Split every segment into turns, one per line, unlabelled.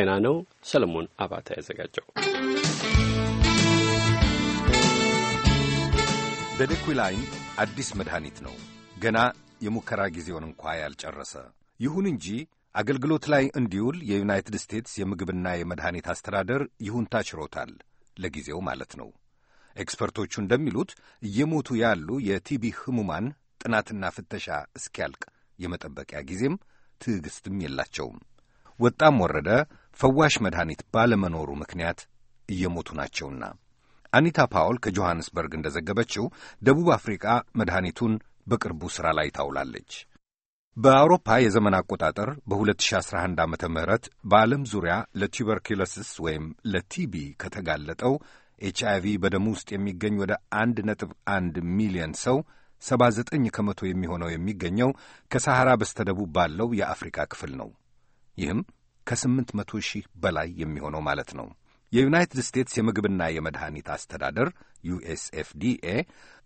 ጤና ነው። ሰለሞን አባተ ያዘጋጀው። በደኩላይን አዲስ መድኃኒት ነው። ገና የሙከራ ጊዜውን እንኳ ያልጨረሰ። ይሁን እንጂ አገልግሎት ላይ እንዲውል የዩናይትድ ስቴትስ የምግብና የመድኃኒት አስተዳደር ይሁንታ ችሮታል። ለጊዜው ማለት ነው። ኤክስፐርቶቹ እንደሚሉት እየሞቱ ያሉ የቲቢ ህሙማን ጥናትና ፍተሻ እስኪያልቅ የመጠበቂያ ጊዜም ትዕግሥትም የላቸውም። ወጣም ወረደ ፈዋሽ መድኃኒት ባለመኖሩ ምክንያት እየሞቱ ናቸውና። አኒታ ፓውል ከጆሐንስበርግ እንደ ዘገበችው ደቡብ አፍሪቃ መድኃኒቱን በቅርቡ ሥራ ላይ ታውላለች። በአውሮፓ የዘመን አቆጣጠር በ2011 ዓ ም በዓለም ዙሪያ ለቱበርኪሎስስ ወይም ለቲቢ ከተጋለጠው ኤች አይቪ በደሙ ውስጥ የሚገኝ ወደ 1.1 ሚሊዮን ሰው 79 ከመቶ የሚሆነው የሚገኘው ከሳሐራ በስተደቡብ ባለው የአፍሪካ ክፍል ነው። ይህም ከስምንት መቶ ሺህ በላይ የሚሆነው ማለት ነው። የዩናይትድ ስቴትስ የምግብና የመድኃኒት አስተዳደር ዩኤስኤፍዲኤ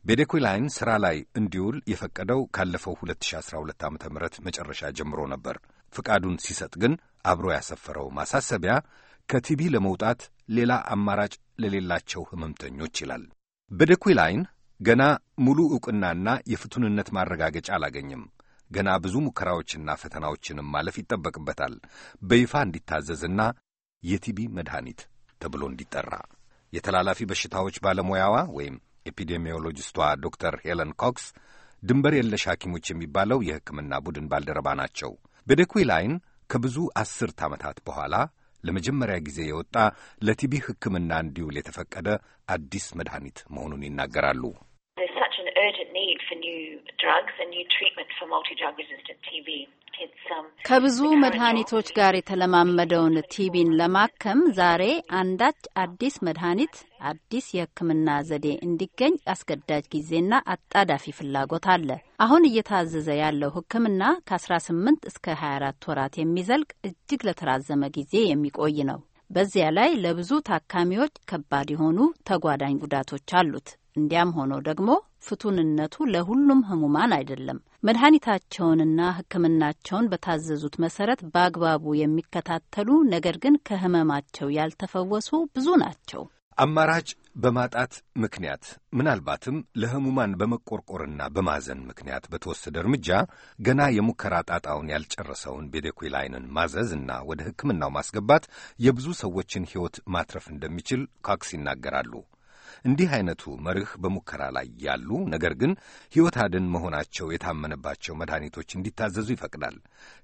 ቤዴኩላይን ሥራ ላይ እንዲውል የፈቀደው ካለፈው 2012 ዓ ም መጨረሻ ጀምሮ ነበር። ፍቃዱን ሲሰጥ ግን አብሮ ያሰፈረው ማሳሰቢያ ከቲቢ ለመውጣት ሌላ አማራጭ ለሌላቸው ሕመምተኞች ይላል። ቤዴኩላይን ገና ሙሉ ዕውቅናና የፍቱንነት ማረጋገጫ አላገኝም። ገና ብዙ ሙከራዎችና ፈተናዎችንም ማለፍ ይጠበቅበታል። በይፋ እንዲታዘዝና የቲቢ መድኃኒት ተብሎ እንዲጠራ የተላላፊ በሽታዎች ባለሙያዋ ወይም ኤፒዴሚዮሎጂስቷ ዶክተር ሄለን ኮክስ ድንበር የለሽ ሐኪሞች የሚባለው የሕክምና ቡድን ባልደረባ ናቸው። በዴኩይላይን ከብዙ አስርት ዓመታት በኋላ ለመጀመሪያ ጊዜ የወጣ ለቲቢ ሕክምና እንዲውል የተፈቀደ አዲስ መድኃኒት መሆኑን ይናገራሉ።
Um, ከብዙ መድኃኒቶች ጋር የተለማመደውን ቲቢን ለማከም ዛሬ አንዳች አዲስ መድኃኒት፣ አዲስ የሕክምና ዘዴ እንዲገኝ አስገዳጅ ጊዜና አጣዳፊ ፍላጎት አለ። አሁን እየታዘዘ ያለው ሕክምና ከ18 እስከ 24 ወራት የሚዘልቅ እጅግ ለተራዘመ ጊዜ የሚቆይ ነው። በዚያ ላይ ለብዙ ታካሚዎች ከባድ የሆኑ ተጓዳኝ ጉዳቶች አሉት። እንዲያም ሆኖ ደግሞ ፍቱንነቱ ለሁሉም ህሙማን አይደለም። መድኃኒታቸውንና ሕክምናቸውን በታዘዙት መሰረት በአግባቡ የሚከታተሉ ነገር ግን ከህመማቸው ያልተፈወሱ ብዙ
ናቸው። አማራጭ በማጣት ምክንያት ምናልባትም ለህሙማን በመቆርቆርና በማዘን ምክንያት በተወሰደ እርምጃ ገና የሙከራ ጣጣውን ያልጨረሰውን ቤዴኩላይንን ማዘዝ እና ወደ ሕክምናው ማስገባት የብዙ ሰዎችን ሕይወት ማትረፍ እንደሚችል ካክስ ይናገራሉ። እንዲህ አይነቱ መርህ በሙከራ ላይ ያሉ ነገር ግን ሕይወት አድን መሆናቸው የታመነባቸው መድኃኒቶች እንዲታዘዙ ይፈቅዳል።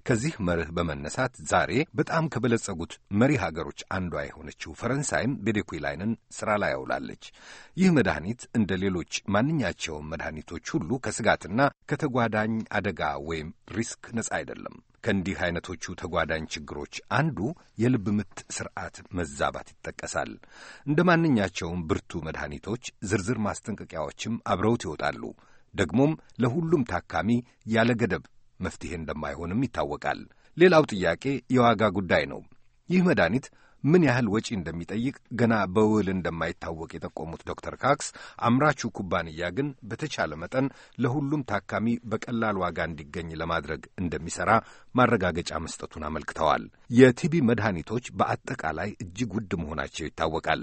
ከዚህ መርህ በመነሳት ዛሬ በጣም ከበለጸጉት መሪ ሀገሮች አንዷ የሆነችው ፈረንሳይም ቤዴኩላይንን ስራ ላይ ያውላለች። ይህ መድኃኒት እንደ ሌሎች ማንኛቸውም መድኃኒቶች ሁሉ ከስጋትና ከተጓዳኝ አደጋ ወይም ሪስክ ነጻ አይደለም። ከእንዲህ አይነቶቹ ተጓዳኝ ችግሮች አንዱ የልብ ምት ስርዓት መዛባት ይጠቀሳል። እንደ ማንኛቸውም ብርቱ መድኃኒቶች ዝርዝር ማስጠንቀቂያዎችም አብረውት ይወጣሉ። ደግሞም ለሁሉም ታካሚ ያለ ገደብ መፍትሄ እንደማይሆንም ይታወቃል። ሌላው ጥያቄ የዋጋ ጉዳይ ነው። ይህ መድኃኒት ምን ያህል ወጪ እንደሚጠይቅ ገና በውል እንደማይታወቅ የጠቆሙት ዶክተር ካክስ አምራቹ ኩባንያ ግን በተቻለ መጠን ለሁሉም ታካሚ በቀላል ዋጋ እንዲገኝ ለማድረግ እንደሚሰራ ማረጋገጫ መስጠቱን አመልክተዋል። የቲቢ መድኃኒቶች በአጠቃላይ እጅግ ውድ መሆናቸው ይታወቃል።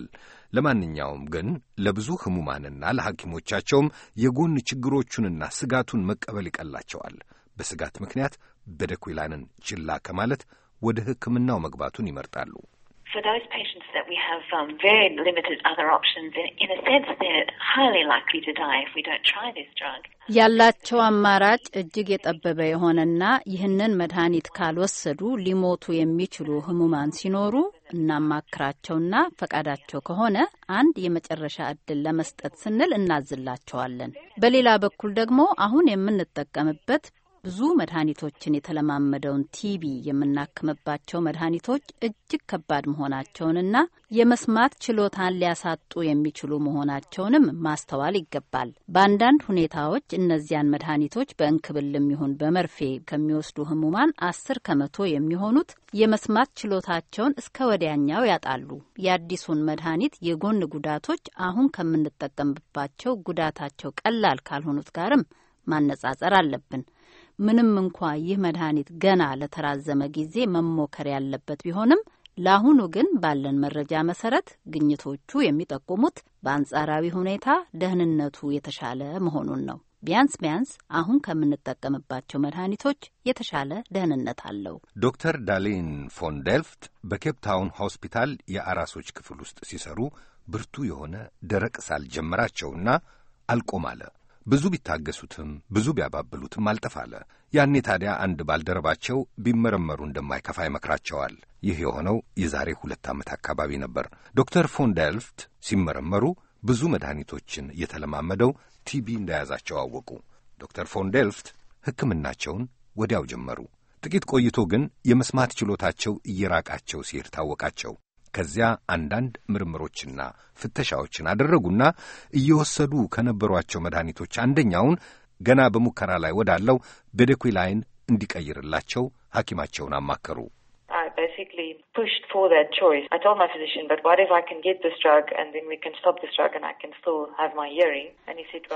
ለማንኛውም ግን ለብዙ ህሙማንና ለሐኪሞቻቸውም የጎን ችግሮቹንና ስጋቱን መቀበል ይቀላቸዋል። በስጋት ምክንያት በደኩላንን ችላ ከማለት ወደ ሕክምናው መግባቱን ይመርጣሉ። For those patients that we have um, very limited other options, in in a sense they're highly likely to die if we don't
try this drug. ያላቸው አማራጭ እጅግ የጠበበ የሆነና ይህንን መድኃኒት ካልወሰዱ ሊሞቱ የሚችሉ ህሙማን ሲኖሩ እናማክራቸውና ፈቃዳቸው ከሆነ አንድ የመጨረሻ እድል ለመስጠት ስንል እናዝላቸዋለን። በሌላ በኩል ደግሞ አሁን የምንጠቀምበት ብዙ መድኃኒቶችን የተለማመደውን ቲቢ የምናክምባቸው መድኃኒቶች እጅግ ከባድ መሆናቸውንና የመስማት ችሎታን ሊያሳጡ የሚችሉ መሆናቸውንም ማስተዋል ይገባል። በአንዳንድ ሁኔታዎች እነዚያን መድኃኒቶች በእንክብልም ይሁን በመርፌ ከሚወስዱ ህሙማን አስር ከመቶ የሚሆኑት የመስማት ችሎታቸውን እስከ ወዲያኛው ያጣሉ። የአዲሱን መድኃኒት የጎን ጉዳቶች አሁን ከምንጠቀምባቸው ጉዳታቸው ቀላል ካልሆኑት ጋርም ማነጻጸር አለብን። ምንም እንኳ ይህ መድኃኒት ገና ለተራዘመ ጊዜ መሞከር ያለበት ቢሆንም ለአሁኑ ግን ባለን መረጃ መሰረት ግኝቶቹ የሚጠቁሙት በአንጻራዊ ሁኔታ ደህንነቱ የተሻለ መሆኑን ነው። ቢያንስ ቢያንስ አሁን ከምንጠቀምባቸው መድኃኒቶች የተሻለ ደህንነት
አለው። ዶክተር ዳሌን ፎን በኬፕታውን ሆስፒታል የአራሶች ክፍል ውስጥ ሲሰሩ ብርቱ የሆነ ደረቅ ሳል ጀመራቸውና አልቆም አለ። ብዙ ቢታገሱትም ብዙ ቢያባብሉትም አልጠፋለ። ያኔ ታዲያ አንድ ባልደረባቸው ቢመረመሩ እንደማይከፋ ይመክራቸዋል። ይህ የሆነው የዛሬ ሁለት ዓመት አካባቢ ነበር። ዶክተር ፎን ዳልፍት ሲመረመሩ ብዙ መድኃኒቶችን የተለማመደው ቲቢ እንደያዛቸው አወቁ። ዶክተር ፎን ዳልፍት ሕክምናቸውን ወዲያው ጀመሩ። ጥቂት ቆይቶ ግን የመስማት ችሎታቸው እየራቃቸው ሲሄድ ታወቃቸው። ከዚያ አንዳንድ ምርምሮችና ፍተሻዎችን አደረጉና እየወሰዱ ከነበሯቸው መድኃኒቶች አንደኛውን ገና በሙከራ ላይ ወዳለው ቤደኩላይን እንዲቀይርላቸው ሐኪማቸውን አማከሩ።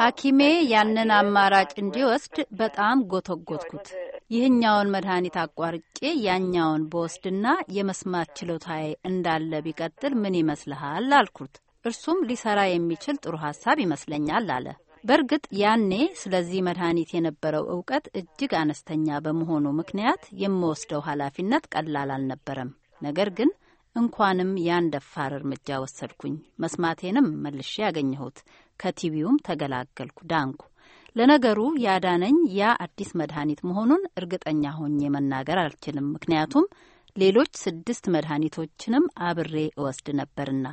ሐኪሜ ያንን አማራጭ እንዲወስድ በጣም ጎተጎትኩት። ይህኛውን መድኃኒት አቋርጬ ያኛውን በወስድና የመስማት ችሎታዬ እንዳለ ቢቀጥል ምን ይመስልሃል አልኩት። እርሱም ሊሰራ የሚችል ጥሩ ሀሳብ ይመስለኛል አለ። በእርግጥ ያኔ ስለዚህ መድኃኒት የነበረው እውቀት እጅግ አነስተኛ በመሆኑ ምክንያት የምወስደው ኃላፊነት ቀላል አልነበረም። ነገር ግን እንኳንም ያን ደፋር እርምጃ ወሰድኩኝ። መስማቴንም መልሼ ያገኘሁት፣ ከቲቪውም ተገላገልኩ፣ ዳንኩ። ለነገሩ ያዳነኝ ያ አዲስ መድኃኒት መሆኑን እርግጠኛ ሆኜ መናገር አልችልም። ምክንያቱም ሌሎች ስድስት መድኃኒቶችንም አብሬ እወስድ ነበርና።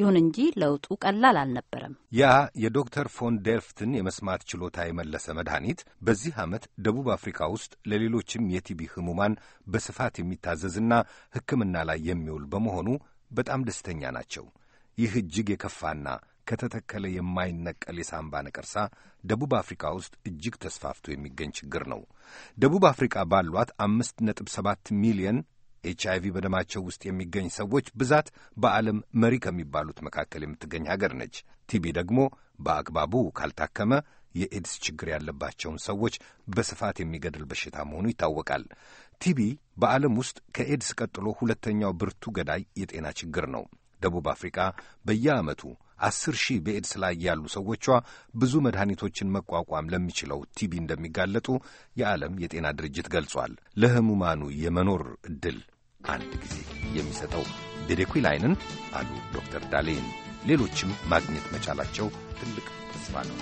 ይሁን እንጂ ለውጡ ቀላል አልነበረም።
ያ የዶክተር ፎን ደልፍትን የመስማት ችሎታ የመለሰ መድኃኒት በዚህ ዓመት ደቡብ አፍሪካ ውስጥ ለሌሎችም የቲቢ ህሙማን በስፋት የሚታዘዝና ሕክምና ላይ የሚውል በመሆኑ በጣም ደስተኛ ናቸው። ይህ እጅግ የከፋና ከተተከለ የማይነቀል የሳምባ ነቀርሳ ደቡብ አፍሪካ ውስጥ እጅግ ተስፋፍቶ የሚገኝ ችግር ነው። ደቡብ አፍሪካ ባሏት አምስት ነጥብ ሰባት ሚሊየን ኤች አይቪ በደማቸው ውስጥ የሚገኝ ሰዎች ብዛት በዓለም መሪ ከሚባሉት መካከል የምትገኝ ሀገር ነች። ቲቢ ደግሞ በአግባቡ ካልታከመ የኤድስ ችግር ያለባቸውን ሰዎች በስፋት የሚገድል በሽታ መሆኑ ይታወቃል። ቲቢ በዓለም ውስጥ ከኤድስ ቀጥሎ ሁለተኛው ብርቱ ገዳይ የጤና ችግር ነው። ደቡብ አፍሪካ በየዓመቱ አስር ሺህ በኤድስ ላይ ያሉ ሰዎቿ ብዙ መድኃኒቶችን መቋቋም ለሚችለው ቲቢ እንደሚጋለጡ የዓለም የጤና ድርጅት ገልጿል። ለህሙማኑ የመኖር ዕድል አንድ ጊዜ የሚሰጠው ቤዴኩላይንን አሉ ዶክተር ዳሌን ሌሎችም ማግኘት መቻላቸው ትልቅ ተስፋ ነው።